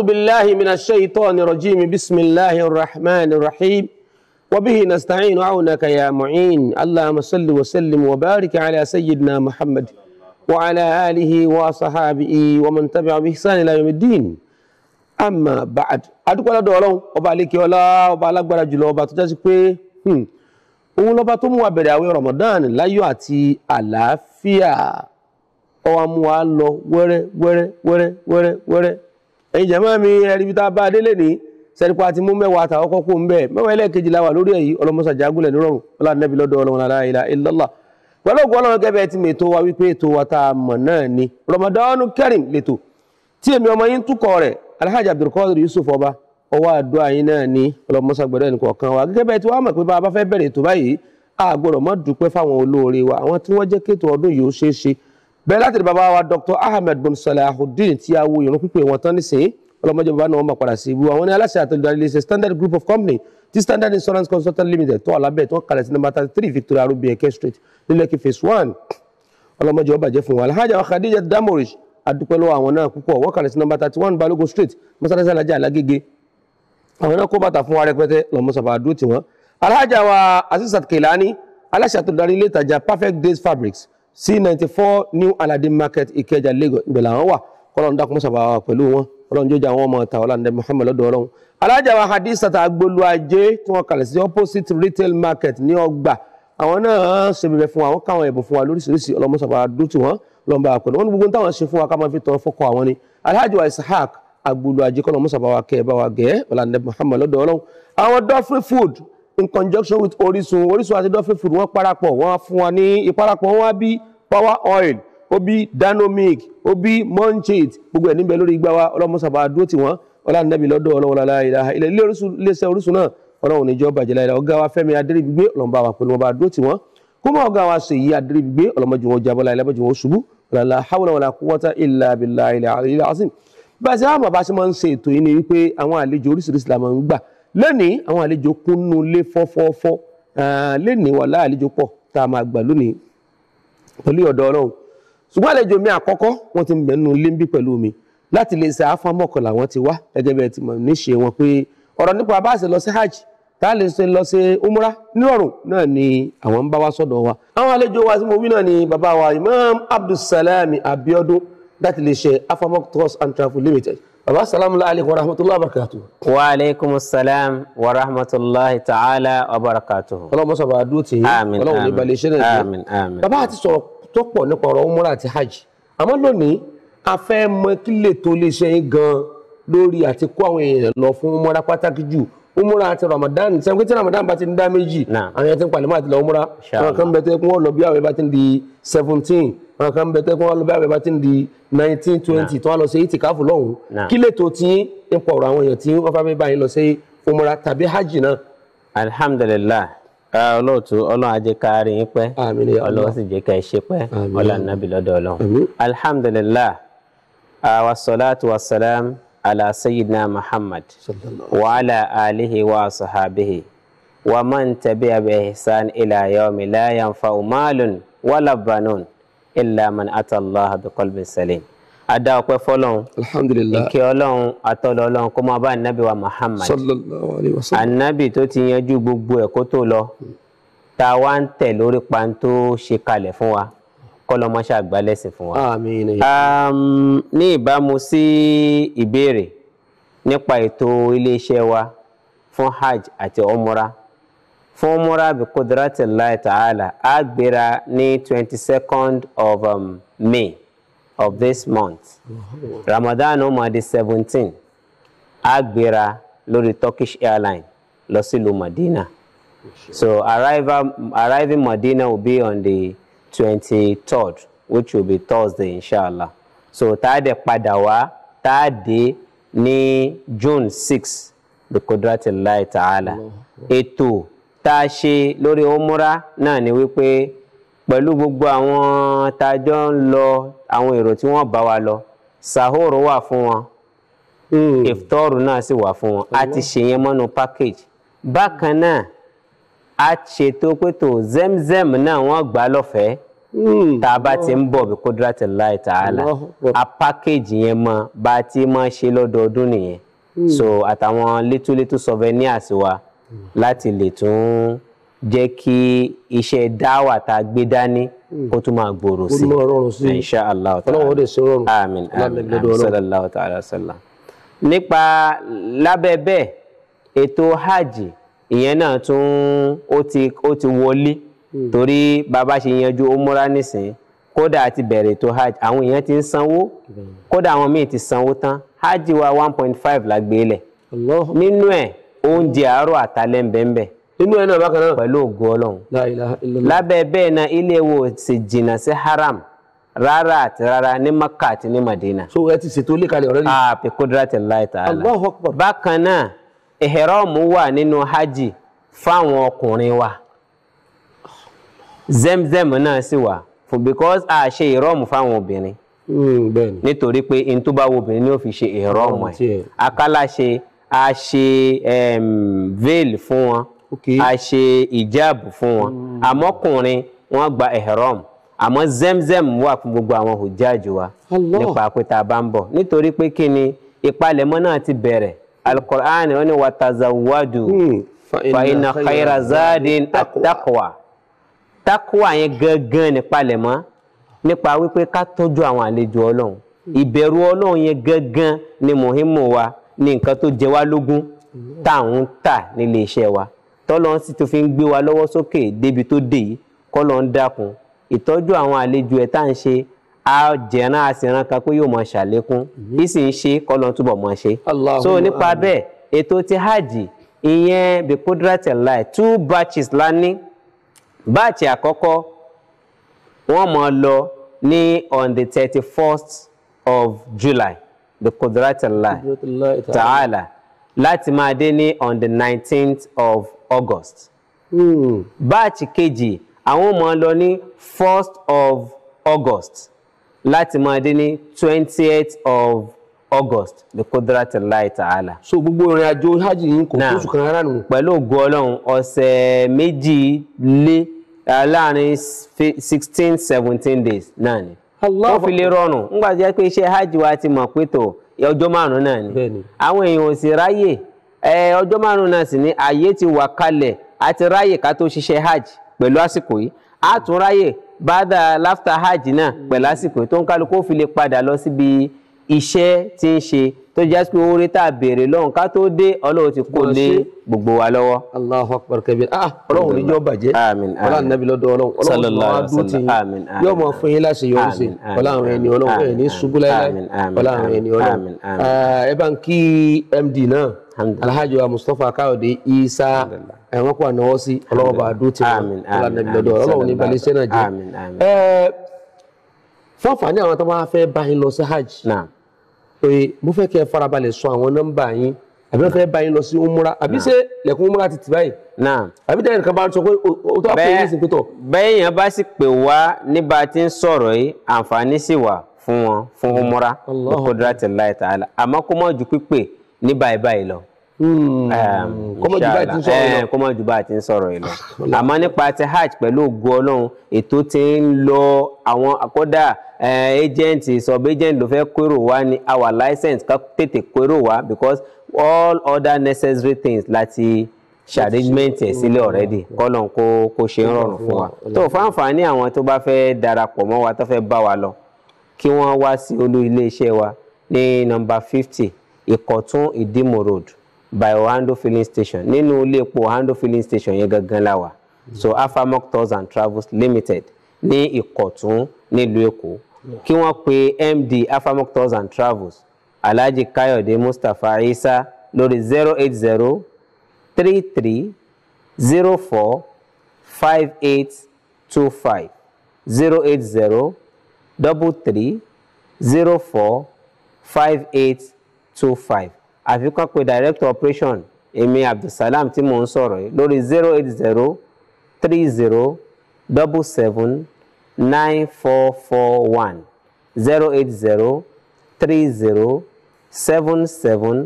أعوذ بالله من الشيطان الرجيم بسم الله الرحمن الرحيم وبه نستعين عونك يا معين اللهم صل وسلم وبارك على سيدنا محمد وعلى آله وصحابه ومن تبع بإحسان إلى يوم الدين أما بعد أدوك ولا دولون أبا عليك ولا أبا جلو أبا تجاسك òun lọ́ba tó mú wa bẹ̀rẹ̀ àwẹ̀ Ramadan láyọ̀ àti àlàáfíà ó wá mú wa lọ wẹ́rẹ́ wẹ́rẹ́ ẹ̀yin jẹ̀mọ́ mi ẹ̀ríbi tá a bá délé ní sẹ́rípa ti mú mẹ́wàá àtàwọn kọ́kọ́ ń bẹ̀ mẹ́wàá ẹlẹ́ẹ̀kejì la wà lórí èyí ọlọ́mọsà jágúnlẹ̀ nírọ̀rùn ọlá nẹ́bí lọ́dọ̀ ọlọ́run la ilaha illallah pẹ̀lú ògùn ọlọ́run gẹ́gẹ́ ti mètò wa wípé ètò wa tá a mọ̀ náà ni Ramadan Kareem lètò tí èmi ọmọ yín túkọ̀ rẹ̀ Alhaji Abdulkadir Yusuf ọba ọwọ́ àdúrà yín náà ni ọlọ́mọsà gbọ́dọ̀ ẹnì kọ̀ọ̀kan wa gẹ́gẹ́ bẹ́ẹ̀ bẹ́ẹ̀ láti bàbá wa Dr. Ahmed bin Salahuddin tí a wo ìrún pípé wọn tán nísìnyí ọlọmọjọ bàbá náà wọn bá padà sí ibú àwọn ní aláṣẹ àtẹlẹdarí iléeṣẹ́ Standard Group of Company ti Standard Insurance Consultant Limited tó alábẹ́ tó kalẹ̀ sí number thirty three Victoria Rubi Eke Street ní Lekki phase one ọlọmọjọ bàjẹ́ fún wa alhaja wa Khadija Damorish adúpẹ́ lọ́wọ́ àwọn náà púpọ̀ wọ́n kalẹ̀ sí number thirty one Balogun Street mọ́sálásí alájà alágége àwọn náà kó bàtà fún wa rẹpẹtẹ lọmọsàfà àdúró tiwọn alhaja wa Asisat Kelani aláṣẹ àtẹlẹdarí ilé ìtajà Perfect Days Fabrics c ninety four new aladdin market ìkẹjà lagos ibẹ̀ làwọn wà kọ́lọ́n dákun mọ́sàbà wà pẹ̀lú wọn ọlọ́run jọjọ àwọn ọmọ ọ̀tà ọ̀làǹdẹ muhammed lọ́dọ̀ ọlọ́run alájà wa hadisata agbolu ajé tí wọ́n kalẹ̀ sí opposite retail market ní ọgbà àwọn náà ṣe bẹ̀bẹ̀ fún wa àwọn káwọn ẹ̀bùn fún wa lóríṣiríṣi ọlọ́mọsàbà dútù wọn lọ́nba àpẹẹrẹ wọn ní gbogbo táwọn ṣe fún wa ká máa fi tọ́ fọ́kọ àwọn ni alhaji wa agbolu ajé kọ́lọ́mọsàbà food in conjunction with Orísun Orísun àti Dolphin Food wọ́n parapọ̀ wọ́n fún wọn ní ìparapọ̀ wọn wá power oil ó bí dynamic ó bí munchit gbogbo ẹ̀ níbẹ̀ lórí igbá wa ọlọ́mọsàbà dúró tì wọ́n ọlọ́nàbí lọ́dọ̀ ọlọ́wọ́lá láìláha ilẹ̀ ilé Orísun na Orísun náà joba níjọ́ bàjẹ́ láìláha ọ̀gá wa Fẹ́mi Adéríbigbé ọlọ́mọba wa pẹ̀lú ọba dúró tì wọ́n kúmọ̀ ọ̀gá wa Ṣèyí Adéríbigbé ọlọ́mọjù wọn jábọ́ láìlábọ̀jù wọn la lọ́la hawla wala quwwata illa billahi ilẹ̀ àlè bá a ṣe àwọn bàbá ṣe máa ń ṣe ètò yìí ni wípé àwọn àlejò oríṣiríṣi la máa ń gbà lónìí àwọn àlejò kúnnú lé fọ́fọ́fọ́ lónìí wà láàlejò pọ̀ tá a máa gbà lónìí pẹ̀lú ọ̀dọ̀ ọlọ́run ṣùgbọ́n àlejò mi àkọ́kọ́ wọ́n ti mẹ́nu lé ń bí pẹ̀lú mi láti lè ṣe àáfà mọ́kànlá wọn ti wá gẹ́gẹ́ bẹ́ẹ̀ ti mọ̀ níṣe wọn pé ọ̀rọ̀ nípa bá a ṣe lọ sí hajj tá a lè ṣe lọ sí umra nírọ̀rùn náà ni àwọn ń bá wa sọ́dọ̀ wa. àwọn àlejò wa tí mo wí náà Imam Abdulsalami Abiodun láti lè ṣe and Travel Limited baba salamu alaykum wa rahmatulahi wa barakatuhu. wa aleykum salam wa rahmatulahi ta'ala wa barakatuhu. ọlọ́mọ sọ̀rọ̀ àdúró tì í ọlọ́run ní balẹ̀ iṣẹ́ náà jẹ́ bàbá àti sọ̀rọ̀ tó pọ̀ nípa ọ̀rọ̀ umrah àti hajj àmọ́ lónìí a fẹ́ mọ kí lè tó lè ṣe yín gan-an lórí àti kó àwọn èèyàn lọ fún umrah pàtàkì jù umura àti ramadan sẹ́wọ́n pé tí ramadan bá ti ń dá méjì àwọn yẹn ti ń palẹ̀mọ́ àti lọ umura àwọn kan bẹ tẹ́ kí lọ bí àwẹ̀ bá ti ń di seventeen àwọn kan bẹ tẹ́ kí wọ́n lọ bí àwẹ̀ bá ti ń di nineteen twenty tí wọ́n lọ sí ìtìkáfù lọ́hùn kí lètò tí nípa ọ̀rọ̀ àwọn èèyàn tí wọ́n fẹ́ bá yín lọ sí umura tàbí hajj náà. alhamdulillah olóòtú ah, ọlọ́run ajé kárí yín pẹ́ ọlọ́run sì jẹ́ ká ẹ ṣe pẹ́ alhamdulillah ah, wa على سيدنا محمد وعلى آله وصحابه ومن تبع بإحسان إلى يوم لا ينفع مال ولا بنون إلا من أتى الله بقلب سليم ada ọpẹ́ fọ́lọ́run alhamdulilayi ìkẹ́ Ọlọ́run atọlọ Ọlọ́run kó máa bá anabi wa muhammad sallallahu alayhi wa sallam anabi tó ti yanjú gbogbo ẹ̀ kó tó lọ lórí pàǹtó ṣe fún wa kọ́lọ́mọṣẹ́ àgbálẹ́sìn fún wa. ní ìbámu sí ìbéèrè nípa ètò iléeṣẹ́ wa fún hajj àti umra fún umra bí qudratillahi ta'ala á gbéra ní twenty second of um, May of this month Ramadan ó máa di seventeen á gbéra lórí Turkish airline lọ sílùú Madina so arrival, arriving Madina will be on the. 23rd which will be Thursday inshallah so tá a dẹ̀ padà wá tá ní June 6 bi qudratillahi ta'ala ètò tá a ṣe lórí umura náà ni wípé pẹ̀lú gbogbo àwọn tá a jọ ń lọ àwọn èrò tí wọ́n bá wa lọ sahoro wà fún wọn ìftọ́rù hmm. náà sì wà fún wọn a ti ṣèyẹn mọ́nu package bákan náà a ṣètò pé tó zemzem náà wọ́n gbà lọ́fẹ̀ẹ́ hmm. tá a bá ti ń bọ̀ bí kódírátì láì tààlà a pákéjì yẹn mọ bá a ti máa ṣe lọ́dọọdún nìyẹn hmm. so àtàwọn létúlétú souvenirs wa hmm. láti lè tún jẹ́ kí iṣẹ́ dáwà tá a gbé dání kó tún máa gbòòrò sí insha allah ta'ala lè ṣe rọrùn amin amin sallallahu ta'ala sallam nípa lábẹ́ bẹ́ẹ̀ ètò hajj ìyẹn náà tún ó ti ó ti wọlé hmm. torí bàbá ṣe yanjú umura nísìn kódà àti bẹ̀rẹ̀ tó hajj àwọn èèyàn ti ń sanwó hmm. kódà àwọn míì ti sanwó tán hajj wa one point five la gbé lẹ̀ nínú ẹ̀ oúnjẹ àárọ̀ àtàlẹ́ ńbẹ́ńbẹ́ nínú ẹ̀ náà bákan náà pẹ̀lú ògo ọlọ́run lábẹ́ bẹ́ẹ̀ náà ilé wo sì jìnnà sí haram rárá àti rárá ní Maka àti ní Madina. so ẹ ti ṣètò ilé kalẹ̀ ọ̀rẹ́ ni. àpè kódà tẹ̀ láì tààlà. bákan náà ìhẹ́rọ́ọ̀mù wà nínú hajj fáwọn ọkùnrin wa zemzem náà sì wà for because a ṣe ìrọ́ọ̀mù fáwọn obìnrin hmm, nítorí pé n tó bá wo obìnrin ni ó fi ṣe ìrọ́ọ̀mù ẹ̀ akálà a ṣe veil fún wọn a ṣe ìjáàbù fún wọn hmm. àmọ́kùnrin wọn gba ìhẹ́rọ́ọ̀mù àmọ́ zemzem wà fún gbogbo àwọn hujjáàjù wa nípa pé tá a bá ń bọ̀ nítorí pé kí ni ìpalẹ̀mọ́ náà ti bẹ̀rẹ̀ alukur'ani wọ́n ní wa tazawwadu hmm. fa inna khayra zadin at-taqwa taqwa yẹn gangan ní palẹ̀mọ́ nípa wípé ká tọ́jú àwọn àlejò ọlọ́run ìbẹ̀rù ọlọ́run yẹn gangan ni muhimmu wa ní nǹkan tó jẹ wá lógún tá à ń tà nílé iṣẹ́ wa tọ́lọ́n sì tó fi ń gbé wa lọ́wọ́ sókè débi tó dé yìí kọ́lọ́n dákun ìtọ́jú àwọn àlejò ẹ̀ tá à ń ṣe a jẹran a sì ran kan pé yóò mọ ṣàlékún mhm. bí sì ń ṣe kọlọ túbọ̀ mọ ṣe so nípa bẹ́ẹ̀ ètò ti hajj ìyẹn bikudratilai two batches la ní báàtì àkọ́kọ́ wọ́n mọ̀ lọ ní on the thirty first of July bikudratilai ta'ala láti máa dé ní on the nineteenth of August hmm. Batch kejì àwọn mọ̀ lọ ní first of August. láti máa dé ní twentieth of august the kudrat light ala so gbogbo orin ajo hajj yìí kò tó oṣù rárá nù. pẹ̀lú ògo ọlọ́run ọ̀sẹ̀ méjì lé láàrin sixteen seventeen days náà ni. wọ́n fi lè rọrùn nígbà tó yẹ pé iṣẹ́ hajj wa ti mọ̀ pé tó ọjọ́ márùn-ún náà ni. àwọn èèyàn ò sì ráyè ọjọ́ márùn-ún náà sì ni ààyè ti wà kalẹ̀ àti ráyè ká tó ṣiṣẹ́ hajj pẹ̀lú àsìkò yìí àtúnráyè bàdà láftà hajj náà pẹ̀lú àsìkò tó ń kálukú fi lè padà lọ síbi iṣẹ́ tí ń ṣe tó jẹ́ pé oore tá a béèrè lọ́hùn ká tó dé ọlọ́run ti kó lé gbogbo wa lọ́wọ́. Allahu akbar kabir ah ọlọ́run níjọ́ bàjẹ́ ọlọ́run nàbí lọ́dọ̀ ọlọ́run ọlọ́run tó wá dúró ti yín yóò mọ fún yín láti yọrí sí ọlọ́run ẹni ọlọ́run ẹni ṣubú láyé ọlọ́run ẹni ọlọ́run ah, ẹ bá ń kí md náà alhaji wa mustapha káyọ̀dé isa ẹ̀wọ̀n kó ànáwọ́ sí ọlọ́wọ́ bá dúró tiwọn ọlọ́nàbí lọ́dọ̀ ọlọ́wọ́ ní balẹ̀ iṣẹ́ náà jẹ́ fáfàní àwọn tó máa fẹ́ bá yín lọ sí hajj oye mo fẹ́ kẹ́ ẹ farabalẹ̀ sọ àwọn nọ́mbà yín àbí wọ́n fẹ́ bá yín lọ sí umra àbí ṣé lẹ́kùn umra ti tì báyìí àbí dẹ́yìn kan bá sọ pé o tó àpò yín sí pé tọ̀. bẹ́ẹ̀ yẹn bá sì pè wá níbà tí ń sọ̀rọ̀ yìí àǹfààní sì wà fún wọn fún umra bi qudratillahi ta'ala àmọ́ kó mọ̀ ju pípè ní báyìí báyìí lọ kọ́mọ jù bá a ti ń sọ̀rọ̀ yìí lọ eh, àmọ́ nípa ti hajj pẹ̀lú ògùn ọlọ́run ètò ti ń lọ àwọn àkọ́dà eh, agent sub agent ló fẹ́ kérò wá ní our license ká tètè kérò wá because all other necessary things láti ṣàrẹ́gbẹ̀ntì ẹ̀ sílẹ̀ hmm, already. Hmm. kọ́lọ̀ kó kó ṣe ń rọrùn fún wa tó fáǹfààní àwọn tó bá fẹ́ darapọ̀ mọ́ wa tó fẹ́ bá wa lọ kí wọ́n wá sí olú iléeṣẹ́ wa ní nọ́mbà fifty ìkọ̀tún ìdímọ̀ road by Ohando filling station nínú ilé epo filling station yẹn gangan la wà so Afamok tours and travels limited ní Ìkọ̀tún nílùú Èkó kí wọ́n pe MD Afamok tours and travels Alhaji Kayode Mustapha Isa lórí zero eight zero three three zero four five eight two five zero eight zero double three zero four five eight two five àfikún pé director operation èmi abdulsalam tí mò ń sọ̀rọ̀ yìí lórí zero eight zero three zero double seven nine four four one zero eight zero three zero seven seven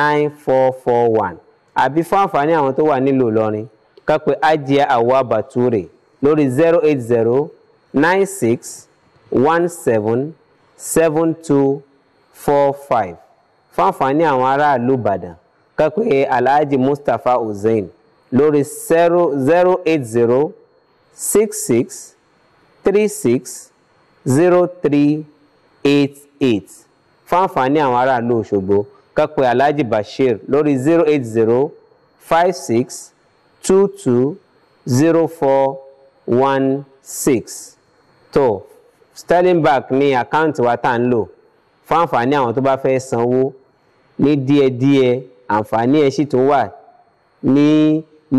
nine four four one àbí fún àǹfààní àwọn tó wà nílùú Ìlọrin ká pé Hajia Hawwa Bature lórí zero eight zero nine six one seven seven two four five fáǹfààní àwọn aráàlú ìbàdàn kápẹ́ alhaji mustapha hussein lórí zero zero eight zero six six three six zero three eight eight fáǹfààní àwọn aráàlú òṣogbo kápẹ́ alhaji bashir lórí zero eight zero five six two two zero four one six tó sterling bank ní àkáǹtì wa tá à ń lò fáǹfààní àwọn tó bá fẹ́ sanwó ní díẹ̀díẹ̀ àǹfààní ẹ̀ sì tún wà ní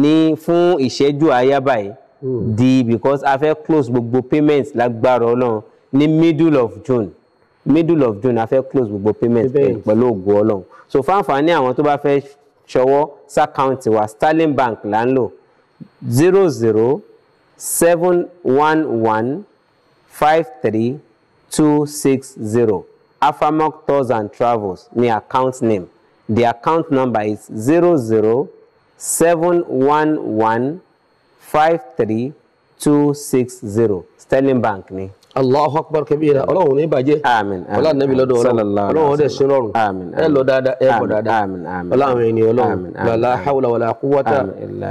ní fún ìṣẹ́jú àáyá báyìí hmm. di because a fẹ́ close gbogbo payment lágbára ọlọ́run ní middle of June middle of June a fẹ́ close gbogbo payment pẹ̀lú ògùn ọlọ́run so fáǹfààní àwọn tó bá fẹ́ ṣọwọ́ County wa Sterling Bank là ń lò zero zero seven one one five three two six zero. Afamok Tours and Travels ni account name. The account number is 00711532660. Sterling Bank ni. Allahu akbar kabira. Ọlọ́run ní bàjẹ́. Amin. Ọlá nàbí lọ́dọ̀ Ọlọ́run. Ọlọ́run ọdẹ sí rọrùn. Amin. Ẹ lọ dáadáa ẹ bọ̀ dáadáa. Amin. Amin. Ọlá ènìyàn Ọlọ́run. Amin. Lọ́la hawla wàlá kúwọ́tà.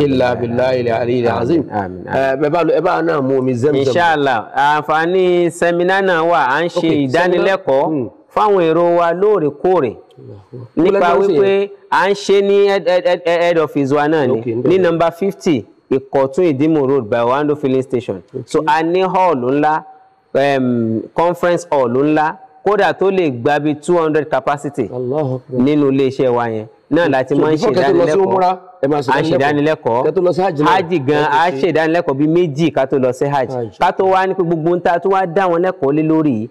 Illa billahi ilẹ̀ àlẹ́ ilẹ̀ azim. Amin. Ẹ bá náà mú omi zẹ́mzẹ́m. Inshallah, àǹfààní sẹ́mínà náà wà, à ń ṣe ìdánilẹ́kọ̀ọ́. Hmm fáwọn èrò wa lóòrèkóòrè nípa wípé à ń ṣe ní head office wa náà ni ní nọ́mbà fifty ìkọ̀tún ìdímù road by Oando filling station so a ní hall ńlá conference hall ńlá kódà tó lè gba bí two hundred capacity nínú iléeṣẹ́ wa yẹn náà láti máa ń ṣe ìdánilẹ́kọ̀ọ́ a ṣe ìdánilẹ́kọ̀ọ́ hajj gan a ṣe ìdánilẹ́kọ̀ọ́ bíi méjì ká tó lọ sí hajj ká tó wá ní pé gbogbo ń ta tó wá dá wọn lẹ́kọ̀ọ́ lé lórí yìí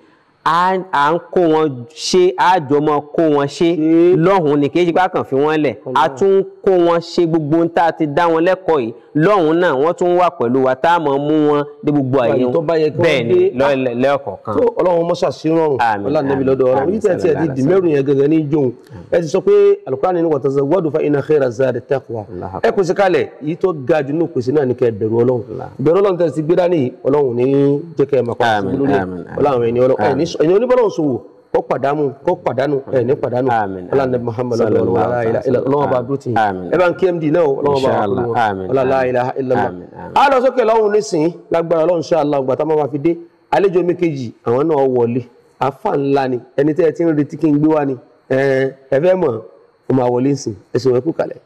à ń kó wọn ṣe àjọ kó wọn ṣe lọ́hùn ní kí ejigba kan fi wọ́n lẹ̀ a tún kó wọn ṣe gbogbo ohun tá a ti dá wọn lẹ́kọ̀ọ́ yìí lọ́hùn náà wọ́n tún wà pẹ̀lú wa tá a mọ̀ mú wọn dé gbogbo àyè wọn bẹ́ẹ̀ ni lẹ́ọ̀kọ̀ọ̀kan. tó ọlọ́run mọ́ṣà sí rọrùn ọlá nàbí lọ́dọ̀ ọ̀rọ̀ yìí tẹ̀ tiẹ̀ di dìmẹ́rù yẹn gẹ́gẹ́ ní jòun ẹ ti sọ pé al ẹ̀yin oníbọ̀lọ́hùn ṣòwò kọ́ pàdánù kọ́ pàdánù ẹ̀ ní pàdánù ọlọ́run nàbí muhammadu ọlọ́run bá dúró tì yín ẹ bá ń kmd náà ọlọ́run bá dúró ọlọ́run láìla ìlànà á lọ sókè lọ́hùn nísìn lágbára ọlọ́run ṣe àlọ́ ọgbà tá a máa fi dé àlejò mi àwọn náà wọlé àfa ńlá ni ẹni tẹ́ ẹ ti ń retí kí n gbé wá ni ẹ fẹ́ mọ̀ ọmọ àwọlé ńsìn ẹ̀sìn wọn kú kalẹ̀.